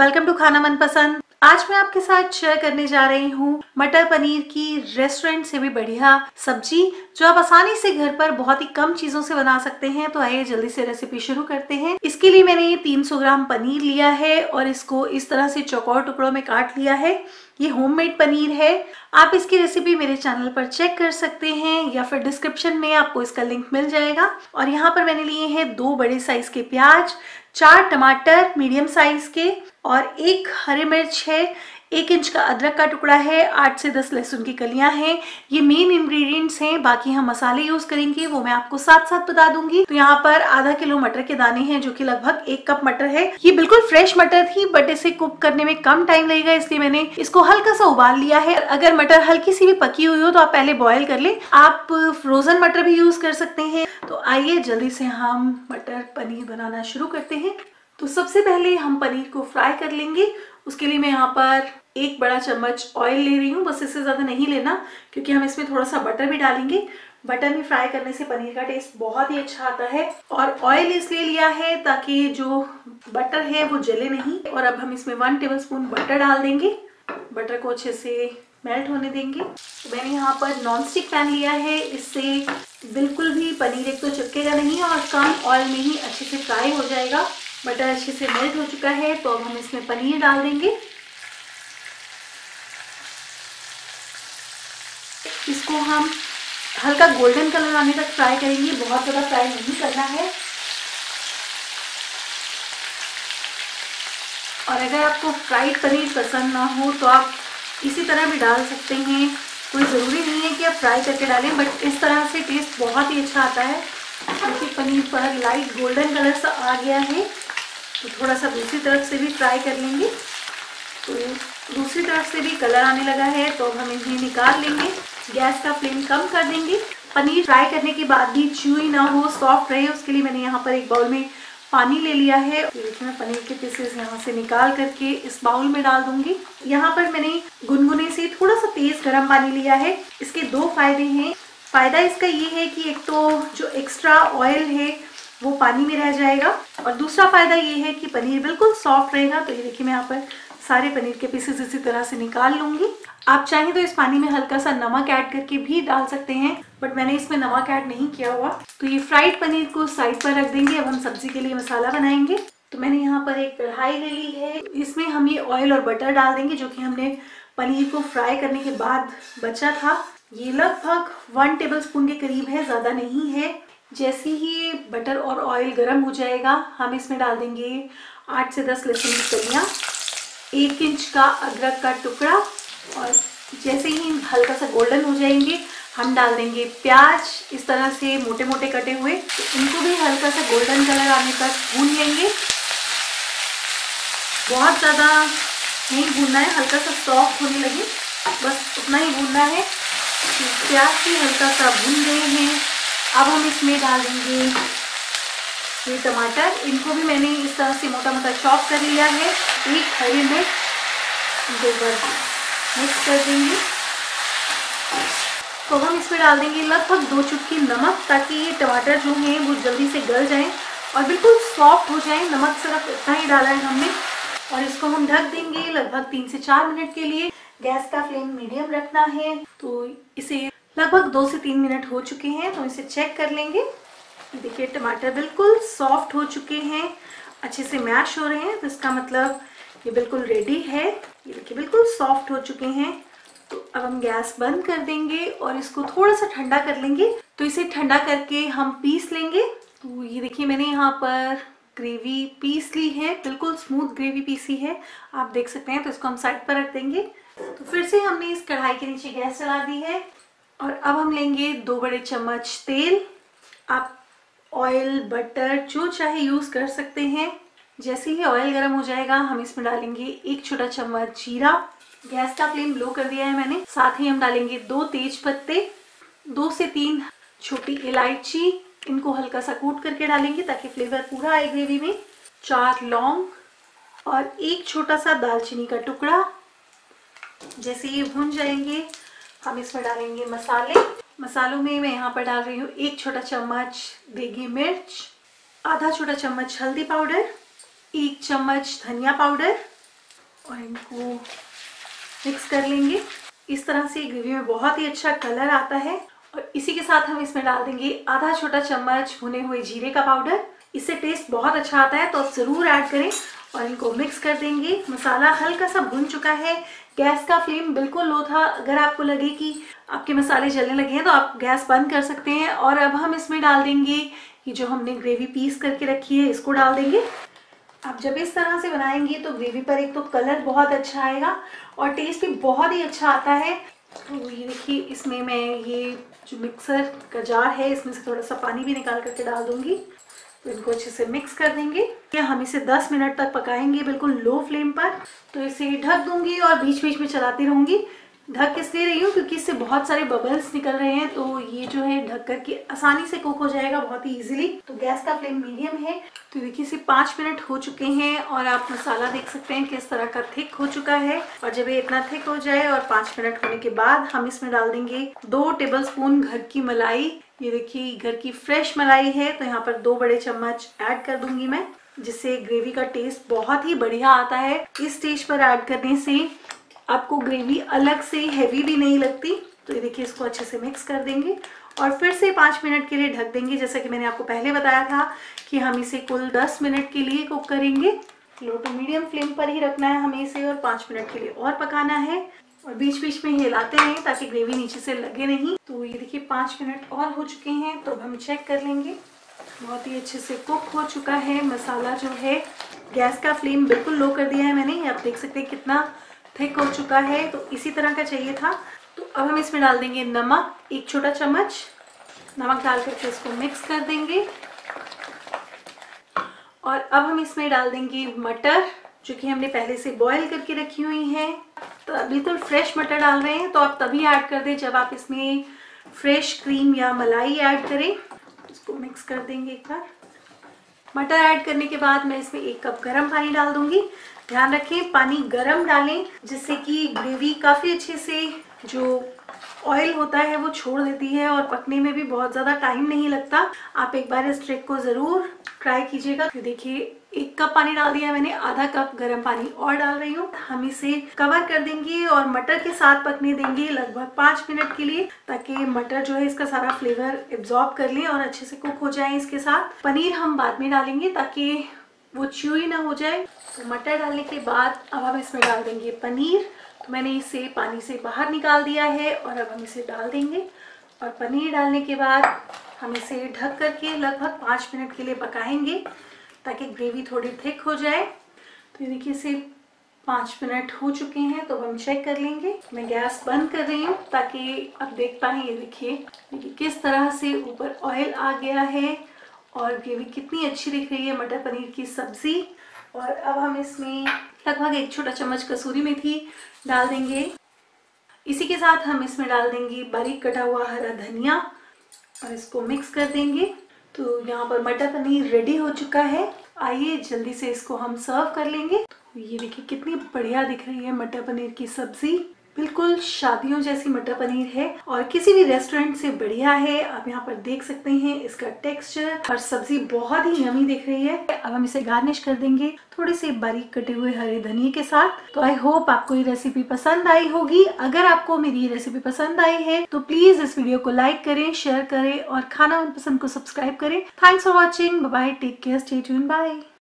welcome to खाना मनपसंद आज मैं आपके साथ शेयर करने जा रही हूँ मटर पनीर की रेस्टोरेंट से भी बढ़िया सब्जी जो आप आसानी से घर पर बहुत ही कम चीजों से बना सकते हैं तो आइए जल्दी से रेसिपी शुरू करते हैं इसके लिए मैंने ये 300 ग्राम पनीर लिया है और इसको इस तरह से चौकोर टुकड़ों में काट लिया है ये होममेड पनीर है आप इसकी रेसिपी मेरे चैनल पर चेक कर सकते हैं या फिर डिस्क्रिप्शन में आपको इसका लिंक मिल जाएगा और यहाँ पर मैंने लिए हैं दो बड़े साइज के प्याज चार टमाटर मीडियम साइज के और एक हरी मिर्च है एक इंच का अदरक का टुकड़ा है आठ से दस लहसुन की कलियां हैं ये मेन इंग्रेडिएंट्स हैं बाकी हम मसाले यूज करेंगे वो मैं आपको साथ साथ बता दूंगी तो यहाँ पर आधा किलो मटर के दाने हैं जो कि लगभग एक कप मटर है ये बिल्कुल फ्रेश मटर थी बट इसे कुक करने में कम टाइम लगेगा इसलिए मैंने इसको हल्का सा उबाल लिया है अगर मटर हल्की सी भी पकी हुई हो तो आप पहले बॉयल कर ले आप फ्रोजन मटर भी यूज कर सकते हैं तो आइए जल्दी से हम मटर पनीर बनाना शुरू करते हैं तो सबसे पहले हम पनीर को फ्राई कर लेंगे उसके लिए मैं यहाँ पर एक बड़ा चम्मच ऑयल ले रही हूँ बस इससे ज़्यादा नहीं लेना क्योंकि हम इसमें थोड़ा सा बटर भी डालेंगे बटर में फ्राई करने से पनीर का टेस्ट बहुत ही अच्छा आता है और ऑयल इसलिए लिया है ताकि जो बटर है वो जले नहीं और अब हम इसमें वन टेबल स्पून बटर डाल देंगे बटर को अच्छे से मेल्ट होने देंगे मैंने यहाँ पर नॉन स्टिक पैन लिया है इससे बिल्कुल भी पनीर एक तो चिपकेगा नहीं और कम ऑयल में ही अच्छे से फ्राई हो जाएगा बटर अच्छे से मेल्ट हो चुका है तो अब हम इसमें पनीर डाल देंगे इसको हम हल्का गोल्डन कलर आने तक फ्राई करेंगे बहुत ज़्यादा फ्राई नहीं करना है और अगर आपको फ्राइड पनीर पसंद ना हो तो आप इसी तरह भी डाल सकते हैं कोई ज़रूरी नहीं है कि आप फ्राई करके डालें बट इस तरह से टेस्ट बहुत ही अच्छा आता है क्योंकि पनीर पर लाइट गोल्डन कलर सा आ गया है तो थोड़ा सा दूसरी तरफ से भी ट्राई कर लेंगे तो दूसरी तरफ से भी कलर आने लगा है तो हम इन्हें निकाल लेंगे गैस का फ्लेम कम कर देंगे पनीर फ्राई करने के बाद भी च्यूई ना हो सॉफ्ट रहे उसके लिए मैंने यहाँ पर एक बाउल में पानी ले लिया है देखिए मैं पनीर के पीसेस यहाँ से निकाल करके इस बाउल में डाल दूंगी यहाँ पर मैंने गुनगुने से थोड़ा सा तेज गर्म पानी लिया है इसके दो फायदे हैं फायदा इसका ये है कि एक तो जो एक्स्ट्रा ऑयल है वो पानी में रह जाएगा और दूसरा फ़ायदा ये है कि पनीर बिल्कुल सॉफ्ट रहेगा तो ये देखिए मैं यहाँ पर सारे पनीर के पीसेस इसी तरह से निकाल लूंगी आप चाहें तो इस पानी में हल्का सा नमक ऐड करके भी डाल सकते हैं बट मैंने इसमें नमक ऐड नहीं किया हुआ तो ये फ्राइड पनीर को साइड पर रख देंगे अब हम सब्जी के लिए मसाला बनाएंगे तो मैंने यहाँ पर एक कढ़ाई ले ली है इसमें हम ये ऑयल और बटर डाल देंगे जो कि हमने पनीर को फ्राई करने के बाद बचा था ये लगभग वन टेबल स्पून के करीब है ज़्यादा नहीं है जैसे ही ये बटर और ऑयल गर्म हो जाएगा हम इसमें डाल देंगे आठ से दस लहसुन की कलियाँ एक इंच का अदरक का टुकड़ा और जैसे ही हल्का सा गोल्डन हो जाएंगे हम डाल देंगे प्याज इस तरह से मोटे मोटे कटे हुए तो इनको भी हल्का सा गोल्डन कलर आने तक भून लेंगे बहुत ज़्यादा नहीं भूनना है हल्का सा सॉफ्ट होने लगे बस उतना ही भूनना है प्याज भी हल्का सा भून गए हैं अब हम इसमें डाल देंगे ये टमाटर इनको भी मैंने इस तरह से मोटा मोटा चॉप कर लिया है एक हरी मिर्च दो मिक्स कर देंगे तो हम इसमें डाल देंगे लगभग दो चुटकी नमक ताकि ये टमाटर जो हैं वो जल्दी से गल जाएं और बिल्कुल सॉफ्ट हो जाए नमक सिर्फ इतना ही डाला है हमने और इसको हम ढक देंगे लगभग तीन से चार मिनट के लिए गैस का फ्लेम मीडियम रखना है तो इसे लगभग दो से तीन मिनट हो चुके हैं तो इसे चेक कर लेंगे देखिए टमाटर बिल्कुल सॉफ्ट हो चुके हैं अच्छे से मैश हो रहे हैं तो इसका मतलब ये बिल्कुल रेडी है ये देखिए बिल्कुल सॉफ्ट हो चुके हैं तो अब हम गैस बंद कर देंगे और इसको थोड़ा सा ठंडा कर लेंगे तो इसे ठंडा करके हम पीस लेंगे तो ये देखिए मैंने यहाँ पर ग्रेवी पीस ली है बिल्कुल स्मूथ ग्रेवी पीसी है आप देख सकते हैं तो इसको हम साइड पर रख देंगे तो फिर से हमने इस कढ़ाई के नीचे गैस चला दी है और अब हम लेंगे दो बड़े चम्मच तेल आप ऑयल बटर जो चाहे यूज़ कर सकते हैं जैसे ही ऑयल गर्म हो जाएगा हम इसमें डालेंगे एक छोटा चम्मच जीरा गैस का फ्लेम लो कर दिया है मैंने साथ ही हम डालेंगे दो तेज पत्ते दो से तीन छोटी इलायची इनको हल्का सा कूट करके डालेंगे ताकि फ्लेवर पूरा आए ग्रेवी में चार लौंग और एक छोटा सा दालचीनी का टुकड़ा जैसे ये भुन जाएंगे हम इसमें डालेंगे मसाले मसालों में मैं यहाँ पर डाल रही हूँ एक छोटा चम्मच देगी मिर्च आधा छोटा चम्मच हल्दी पाउडर एक चम्मच धनिया पाउडर और इनको मिक्स कर लेंगे इस तरह से ग्रेवी में बहुत ही अच्छा कलर आता है और इसी के साथ हम इसमें डाल देंगे आधा छोटा चम्मच भुने हुए जीरे का पाउडर इससे टेस्ट बहुत अच्छा आता है तो आप ज़रूर ऐड करें और इनको मिक्स कर देंगे मसाला हल्का सा भुन चुका है गैस का फ्लेम बिल्कुल लो था अगर आपको लगे कि आपके मसाले जलने लगे हैं तो आप गैस बंद कर सकते हैं और अब हम इसमें डाल देंगे ये जो हमने ग्रेवी पीस करके रखी है इसको डाल देंगे आप जब इस तरह से बनाएंगे तो ग्रेवी पर एक तो कलर बहुत अच्छा आएगा और टेस्ट भी बहुत ही अच्छा आता है तो ये देखिए इसमें मैं ये जो मिक्सर का जार है इसमें से थोड़ा सा पानी भी निकाल करके डाल दूंगी तो इनको अच्छे से मिक्स कर देंगे या हम इसे 10 मिनट तक पकाएंगे बिल्कुल लो फ्लेम पर तो इसे ढक दूंगी और बीच बीच में चलाती रहूंगी ढक इसलिए रही हूँ क्योंकि इससे बहुत सारे बबल्स निकल रहे हैं तो ये जो है ढक करके आसानी से कुक हो जाएगा बहुत ही इजीली तो गैस का फ्लेम मीडियम है तो देखिए इसे पाँच मिनट हो चुके हैं और आप मसाला देख सकते हैं किस तरह का थिक हो चुका है और जब ये इतना थिक हो जाए और पाँच मिनट होने के बाद हम इसमें डाल देंगे दो टेबल स्पून घर की मलाई ये देखिए घर की फ्रेश मलाई है तो यहाँ पर दो बड़े चम्मच ऐड कर दूंगी मैं जिससे ग्रेवी का टेस्ट बहुत ही बढ़िया आता है इस स्टेज पर ऐड करने से आपको ग्रेवी अलग से हैवी भी नहीं लगती तो ये देखिए इसको अच्छे से मिक्स कर देंगे और फिर से पाँच मिनट के लिए ढक देंगे जैसा कि मैंने आपको पहले बताया था कि हम इसे कुल दस मिनट के लिए कुक करेंगे लो टू मीडियम फ्लेम पर ही रखना है हमें इसे और पाँच मिनट के लिए और पकाना है और बीच बीच में हिलाते रहें ताकि ग्रेवी नीचे से लगे नहीं तो ये देखिए पाँच मिनट और हो चुके हैं तो अब हम चेक कर लेंगे बहुत ही अच्छे से कुक हो चुका है मसाला जो है गैस का फ्लेम बिल्कुल लो कर दिया है मैंने आप देख सकते हैं कितना थिक हो चुका है तो इसी तरह का चाहिए था तो अब हम इसमें डाल देंगे नमक एक छोटा चम्मच नमक डाल करके इसको मिक्स कर देंगे और अब हम इसमें डाल देंगे मटर जो कि हमने पहले से बॉईल करके रखी हुई है तो अभी तो फ्रेश मटर डाल रहे हैं तो आप तभी ऐड कर दें जब आप इसमें फ्रेश क्रीम या मलाई ऐड करें इसको मिक्स कर देंगे एक बार मटर ऐड करने के बाद मैं इसमें एक कप गरम पानी डाल दूंगी ध्यान रखें पानी गर्म डालें जिससे कि ग्रेवी काफ़ी अच्छे से जो ऑयल होता है वो छोड़ देती है और पकने में भी बहुत ज़्यादा टाइम नहीं लगता आप एक बार इस ट्रिक को ज़रूर ट्राई कीजिएगा देखिए एक कप पानी डाल दिया मैंने आधा कप गर्म पानी और डाल रही हूँ हम इसे कवर कर देंगे और मटर के साथ पकने देंगे लगभग पांच मिनट के लिए ताकि मटर जो है इसका सारा फ्लेवर एब्जॉर्ब कर ले और अच्छे से कुक हो जाए इसके साथ पनीर हम बाद में डालेंगे ताकि वो च्यू ना हो जाए तो मटर डालने के बाद अब हम इसमें डाल देंगे पनीर मैंने इसे पानी से बाहर निकाल दिया है और अब हम इसे डाल देंगे और पनीर डालने के बाद हम इसे ढक करके लगभग पाँच मिनट के लिए पकाएंगे ताकि ग्रेवी थोड़ी थिक हो जाए तो ये देखिए इसे पाँच मिनट हो चुके हैं तो हम चेक कर लेंगे मैं गैस बंद कर रही हूँ ताकि अब देख पाएँ ये देखिए देखिए किस तरह से ऊपर ऑयल आ गया है और ग्रेवी कितनी अच्छी दिख रही है मटर पनीर की सब्ज़ी और अब हम इसमें लगभग एक छोटा चम्मच कसूरी मेथी डाल देंगे इसी के साथ हम इसमें डाल देंगे बारीक कटा हुआ हरा धनिया और इसको मिक्स कर देंगे तो यहाँ पर मटर पनीर रेडी हो चुका है आइए जल्दी से इसको हम सर्व कर लेंगे तो ये देखिए कितनी बढ़िया दिख रही है मटर पनीर की सब्जी बिल्कुल शादियों जैसी मटर पनीर है और किसी भी रेस्टोरेंट से बढ़िया है आप यहाँ पर देख सकते हैं इसका टेक्सचर और सब्जी बहुत ही यमी दिख रही है अब हम इसे गार्निश कर देंगे थोड़े से बारीक कटे हुए हरे धनिये के साथ तो आई होप आपको ये रेसिपी पसंद आई होगी अगर आपको मेरी ये रेसिपी पसंद आई है तो प्लीज इस वीडियो को लाइक करें शेयर करें और खाना पसंद को सब्सक्राइब करें thanks for watching bye take care state bye